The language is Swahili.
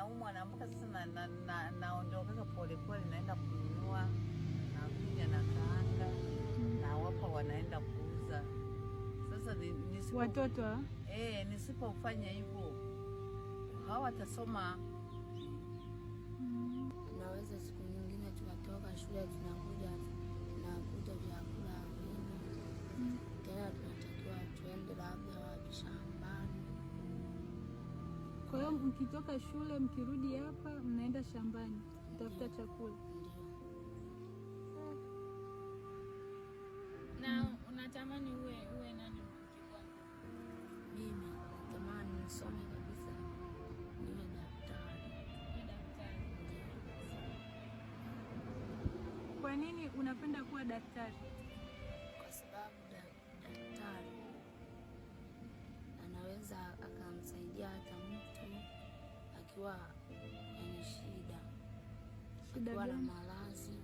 naumwa, naamka sasa na, na, naondokaka polepole, naenda kununua, nakuja na kaanga na wapa wanaenda kuuza. Sasa nisipo, watoto ah? eh, nisipofanya hivyo watasoma mkitoka shule mkirudi hapa mnaenda shambani kutafuta chakula. Na unatamani uwe uwe nani? Mimi natamani nisome kabisa niwe daktari. Kwa nini unapenda kuwa daktari? akiwa yenye shida, akiwa na maradhi